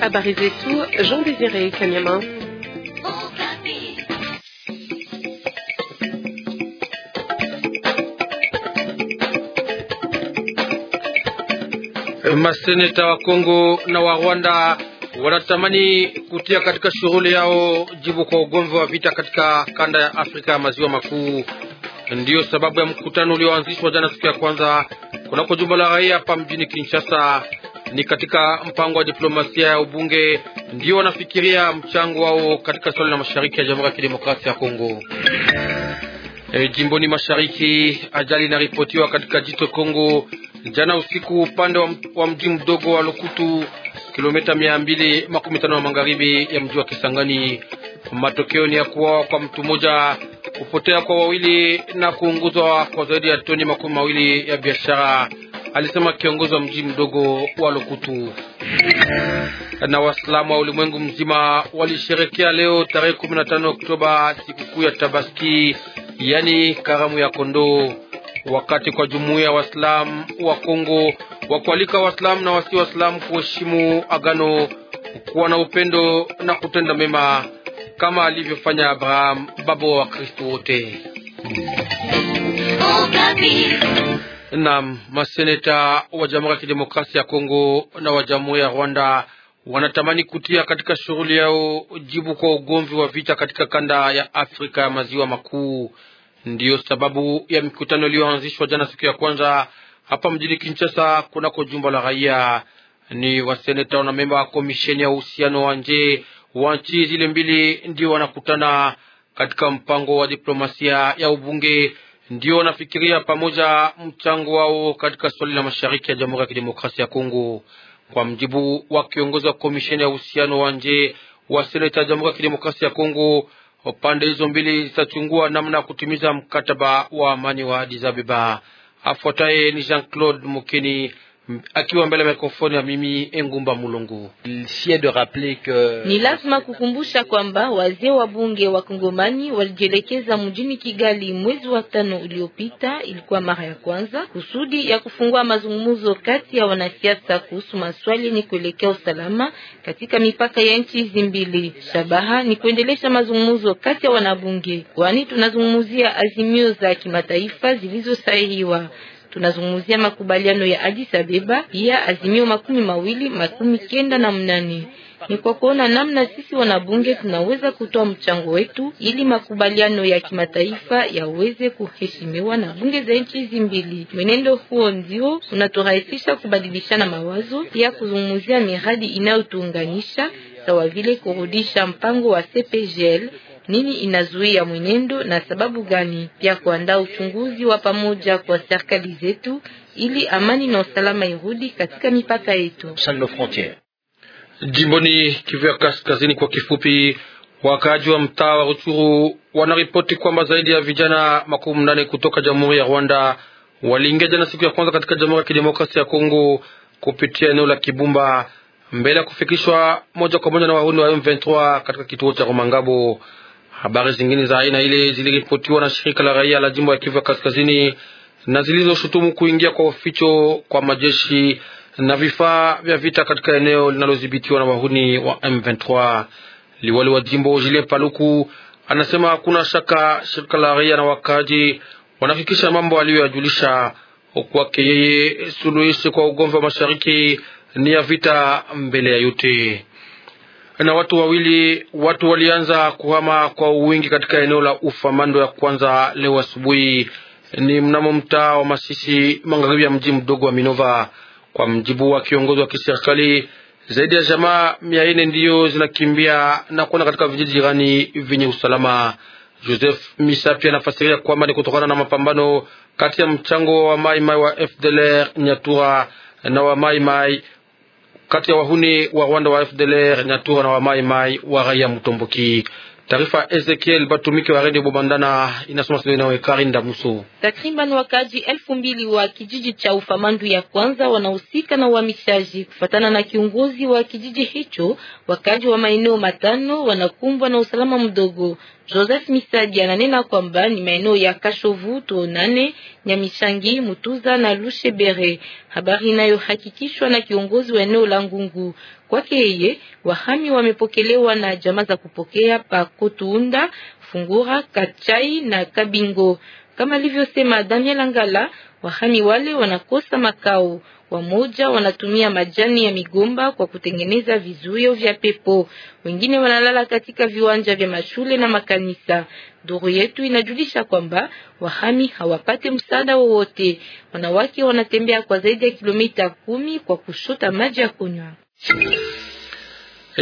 Habari zetu Jean Désiré Kanyama. Eh, maseneta wa Kongo na wa Rwanda wanatamani kutia katika shughuli yao jibu kwa ugomvi wa vita katika kanda ya Afrika ya Maziwa Makuu. Ndiyo sababu ya mkutano ulioanzishwa jana siku ya kwanza kunako jumba la raia hapa mjini Kinshasa. Ni katika mpango wa diplomasia ya ubunge ndio wanafikiria mchango wao katika swala la mashariki ya Jamhuri ya Kidemokrasia ya Kongo. E, jimboni mashariki ajali inaripotiwa katika jito Kongo jana usiku upande wa mji mdogo wa Lokutu, kilomita 215 magharibi ya mji wa Kisangani. Matokeo ni ya kuwawa kwa mtu mmoja kupotea kwa wawili na kuunguzwa kwa zaidi ya toni makumi mawili ya biashara, alisema kiongozi wa mji mdogo wa Lokutu. Na Waislamu wa ulimwengu mzima walisherekea leo tarehe 15 Oktoba sikukuu ya Tabaski, yani karamu ya kondoo, wakati kwa jumuiya ya Waislamu wa Kongo wa kualika Waislamu na wasi Waislamu kuheshimu agano, kuwa na upendo na kutenda mema kama alivyofanya Abraham baba wa Wakristo wote. Naam, maseneta wa Jamhuri ya Kidemokrasia ya Kongo na wa Jamhuri ya Rwanda wanatamani kutia katika shughuli yao jibu kwa ugomvi wa vita katika kanda ya Afrika ya Maziwa Makuu. Ndiyo sababu ya mikutano iliyoanzishwa jana siku ya kwanza hapa mjini Kinshasa kunako jumba la raia. Ni waseneta na memba wa komisheni ya uhusiano wa nje wa nchi zile mbili ndio wanakutana katika mpango wa diplomasia ya ubunge, ndio wanafikiria pamoja mchango wao katika swali la mashariki ya Jamhuri ya Kidemokrasia ya Kongo. Kwa mjibu wa kiongozi wa komisheni ya uhusiano wa nje wa seneta ya Jamhuri ya Kidemokrasia ya Kongo, pande hizo mbili zitachungua namna ya kutimiza mkataba wa amani wa Addis Ababa. Afuataye ni Jean Claude Mukini akiwa mbele ya mikrofoni ya mimi Engumba Mulungu. Ni lazima kukumbusha kwamba wazee wa bunge wa Kongomani walijielekeza mjini Kigali mwezi wa tano uliopita, ilikuwa mara ya kwanza kusudi ya kufungua mazungumzo kati ya wanasiasa kuhusu maswali yenye kuelekea usalama katika mipaka ya nchi hizi mbili. Shabaha ni kuendelesha mazungumzo kati ya wanabunge, kwani tunazungumzia azimio za kimataifa zilizosahihiwa. Tunazungumzia makubaliano ya Addis Abeba, pia azimio makumi mawili makumi kenda na mnane ni kwa kuona namna sisi wanabunge tunaweza kutoa mchango wetu ili makubaliano ya kimataifa yaweze kuheshimiwa na bunge za nchi hizi mbili. Mwenendo huo ndio unaturahisisha kubadilishana mawazo, pia kuzungumzia miradi inayotuunganisha sawa vile kurudisha mpango wa CPGL nini inazuia mwenendo na sababu gani, pia kuandaa uchunguzi wa pamoja kwa serikali zetu ili amani na usalama irudi katika mipaka yetu. Jimboni Kivu ya Kaskazini, kwa kifupi, wakaaji wa mtaa wa Ruchuru wanaripoti kwamba zaidi ya vijana makumi mnane kutoka Jamhuri ya Rwanda waliingia jana siku ya kwanza katika Jamhuri ya Kidemokrasia ya Kongo kupitia eneo la Kibumba mbele ya kufikishwa moja kwa moja na wahuni wa M23 katika kituo cha Rumangabo. Habari zingine za aina ile ziliripotiwa na shirika la raia la jimbo ya Kivu ya Kaskazini na zilizoshutumu kuingia kwa uficho kwa majeshi na vifaa vya vita katika eneo linalodhibitiwa na wahuni wa M23. Liwali wa jimbo Julien Paluku anasema hakuna shaka shirika la raia na wakaaji wanafikisha mambo aliyoyajulisha kwake yeye. Suluhishi kwa ugomvi wa mashariki ni ya vita mbele ya yote na watu wawili watu walianza kuhama kwa wingi katika eneo la mando ya kwanza leo asubuhi, ni mnamo mtaa wa Masisi magharibi ya mji mdogo wa Minova. Kwa mjibu wa kiongozi wa kiserikali, zaidi ya jamaa mia nne ndiyo zinakimbia na kuona katika vijiji jirani vyenye usalama. Joseph Misapi anafasiria kwamba ni kutokana na mapambano kati ya mchango wa maimai wa FDLR Nyatura na wa maimai mai kati ya wahuni wa Rwanda wa FDLR Nyatura na wa wa raia Mutomboki. Taarifa Ezekiel Batumiki wa Radio Bobandana inasoma sio nawe Karinda Musu. Takriban wakaji elfu mbili wa kijiji cha Ufamandu ya kwanza wanahusika na uhamishaji. Kufatana na kiongozi wa kijiji hicho, wakaji wa maeneo matano wanakumbwa na usalama mdogo. Joseph Misadi ananena kwamba ni maeneo ya Kashovu, Tuonane, Nyamishangi, Mutuza na Lushebere habari inayohakikishwa na kiongozi wa eneo la Ngungu. Kwake yeye, wahami wamepokelewa na jamaa za kupokea pa Kotuunda, Fungura, Kachai na Kabingo. Kama alivyosema Daniel Angala, wahami wale wanakosa makao. Wamoja wanatumia majani ya migomba kwa kutengeneza vizuio vya pepo, wengine wanalala katika viwanja vya mashule na makanisa. Duru yetu inajulisha kwamba wahami hawapate msaada wowote. Wanawake wanatembea kwa zaidi ya kilomita kumi kwa kushota maji ya kunywa.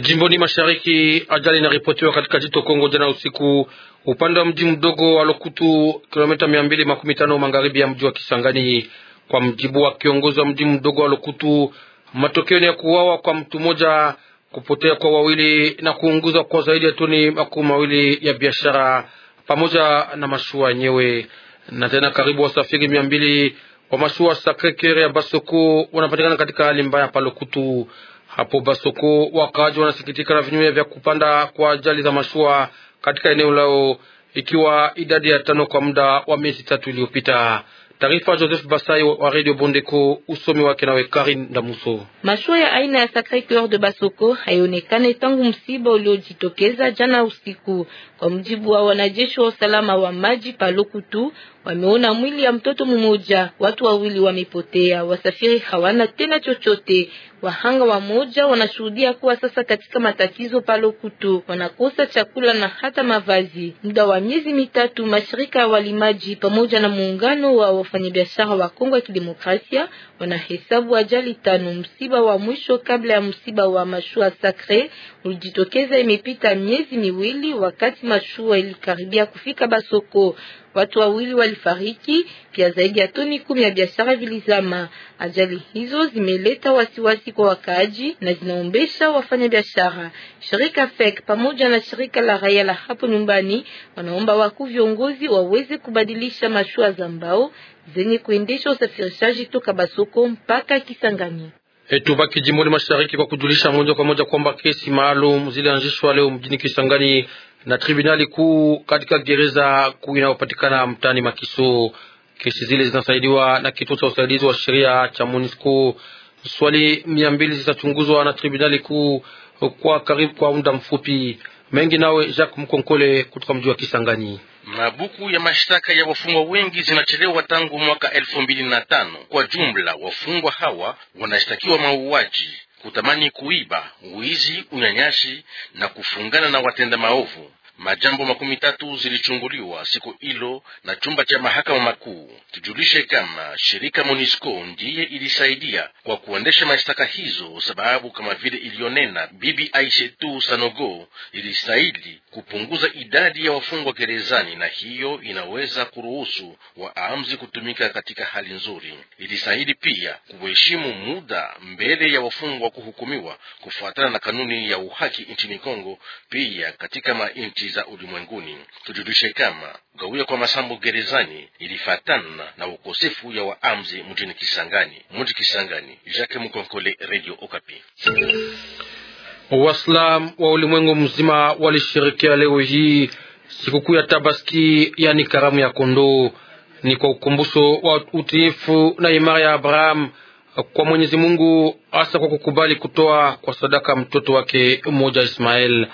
Jimboni mashariki, ajali inaripotiwa katika jito Kongo jana usiku, upande wa mji mdogo wa Lokutu, kilomita mia mbili makumi tano magharibi ya mji wa Kisangani. Kwa mjibu wa kiongozi wa mji mdogo wa Lukutu, matokeo ni ya kuuawa kwa mtu mmoja, kupotea kwa wawili na kuunguzwa kwa zaidi ya toni makumi mawili ya biashara pamoja na mashua yenyewe. Na tena karibu wasafiri mia mbili wa mashua sacre ya Basoko wanapatikana katika hali mbaya pa Lukutu. Hapo Basoko wakaaji wanasikitika na vinyume vya kupanda kwa ajali za mashua katika eneo lao, ikiwa idadi ya tano kwa muda wa miezi tatu iliyopita. Taarifa Joseph Basai wa Radio Bondeko, usomi wake nawe Karin Damuso. Mashua ya aina ya Sacre Coeur de Basoko haionekane tangu msiba uliojitokeza jana usiku, kwa mjibu wa wanajeshi wa usalama wa maji Palokutu wameona mwili ya mtoto mmoja, watu wawili wamepotea, wasafiri hawana tena chochote. Wahanga wa moja wanashuhudia kuwa sasa katika matatizo palo kutu, wanakosa chakula na hata mavazi. Muda wa miezi mitatu, mashirika ya walimaji pamoja na muungano wa wafanyabiashara wa Kongo ya Kidemokrasia wanahesabu ajali tano. Msiba wa mwisho kabla ya msiba wa mashua Sacre ulijitokeza imepita miezi miwili, wakati mashua ilikaribia kufika Basoko watu wawili walifariki, pia zaidi ya toni kumi ya biashara vilizama. Ajali hizo zimeleta wasiwasi kwa wakaaji na zinaombesha wafanya biashara Shirika FEC pamoja na shirika la raia la hapo nyumbani wanaomba wakuu viongozi waweze kubadilisha mashua za mbao zenye kuendesha usafirishaji toka Basoko mpaka Kisangani. Tubaki jimboni mashariki kwa kujulisha moja kwa moja kwamba kesi maalum zilianzishwa leo mjini Kisangani na tribunali kuu katika gereza kuu inayopatikana mtaani Makiso. Kesi zile zinasaidiwa na kituo cha usaidizi wa sheria cha MONUSCO. Swali mia mbili zitachunguzwa na tribunali kuu kwa karibu kwa muda mfupi. Mengi nawe Jacques Mkonkole kutoka mji wa Kisangani. Mabuku ya mashtaka ya wafungwa wengi zinachelewa tangu mwaka elfu mbili na tano. Kwa jumla wafungwa hawa wanashtakiwa mauaji, kutamani kuiba, wizi, unyanyashi na kufungana na watenda maovu. Majambo makumi tatu zilichunguliwa siku hilo na chumba cha mahakama makuu. Tujulishe kama shirika monisco ndiye ilisaidia kwa kuendesha mashtaka hizo, sababu kama vile iliyonena Bibi Aishetu Sanogo ilistahili kupunguza idadi ya wafungwa gerezani, na hiyo inaweza kuruhusu waamzi kutumika katika hali nzuri. Ilistahili pia kuheshimu muda mbele ya wafungwa kuhukumiwa kufuatana na kanuni ya uhaki nchini Kongo, pia katika mainchi nchi za ulimwenguni. Tujulishe kama gawia kwa masambo gerezani ilifatana na ukosefu ya waamzi mjini Kisangani. Mji Kisangani, Jacques Mkonkole, Radio Okapi. Waislam wa ulimwengu mzima walishirikia leo hii sikukuu ya Tabaski, yani karamu ya kondoo. Ni kwa ukumbusho wa utiifu na imara ya Abraham kwa Mwenyezi Mungu, hasa kwa kukubali kutoa kwa sadaka mtoto wake mmoja Ismael.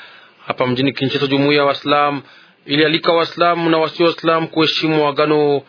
Hapa mjini Kinshasa, jumuiya ya Waislamu ilialika Waislamu na wasio Waislam kuheshimu agano,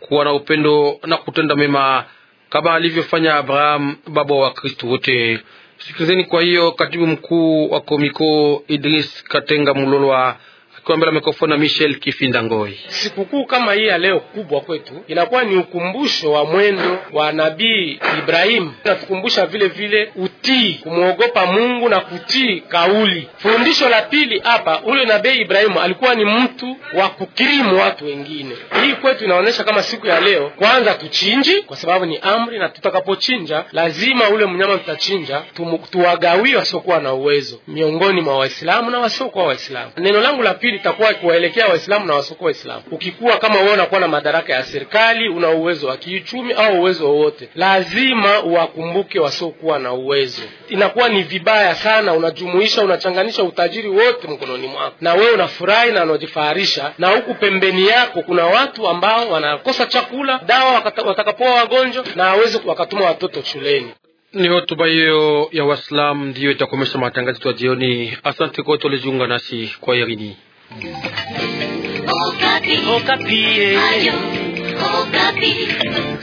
kuwa na upendo na kutenda mema kama alivyofanya Abraham, baba wa kristu wote. Sikilizeni kwa hiyo katibu mkuu wa Komiko Idris Katenga Mulolwa kwa mbele na Michel Kifinda Ngoi. Sikukuu kama hii ya leo kubwa kwetu inakuwa ni ukumbusho wa mwendo wa nabii Ibrahimu, natukumbusha vile vile utii, kumwogopa Mungu na kutii kauli. Fundisho la pili hapa, ule nabii Ibrahimu alikuwa ni mtu wa kukirimu watu wengine. Hii kwetu inaonyesha kama siku ya leo, kwanza tuchinji, kwa sababu ni amri, na tutakapochinja lazima ule mnyama tutachinja tuwagawie wasiokuwa na uwezo miongoni mwa Waislamu na wasiokuwa Waislamu. Neno langu la pili litakuwa kuwaelekea Waislamu na wasoko Waislamu. Ukikuwa kama wewe unakuwa na madaraka ya serikali, una uwezo wa kiuchumi au uwezo wowote, lazima wakumbuke wasiokuwa na uwezo. Inakuwa ni vibaya sana, unajumuisha unachanganisha utajiri wote mkononi mwako, na wewe unafurahi na unajifaharisha, na huku pembeni yako kuna watu ambao wanakosa chakula, dawa watakapoa wagonjwa, na hawezi wakatuma watoto shuleni. Ni hotuba hiyo ya Waislamu ndiyo itakomesha matangazo ya jioni. Asante kwa wote waliojiunga nasi kwa yarini. Okapi. Okapi. Eh.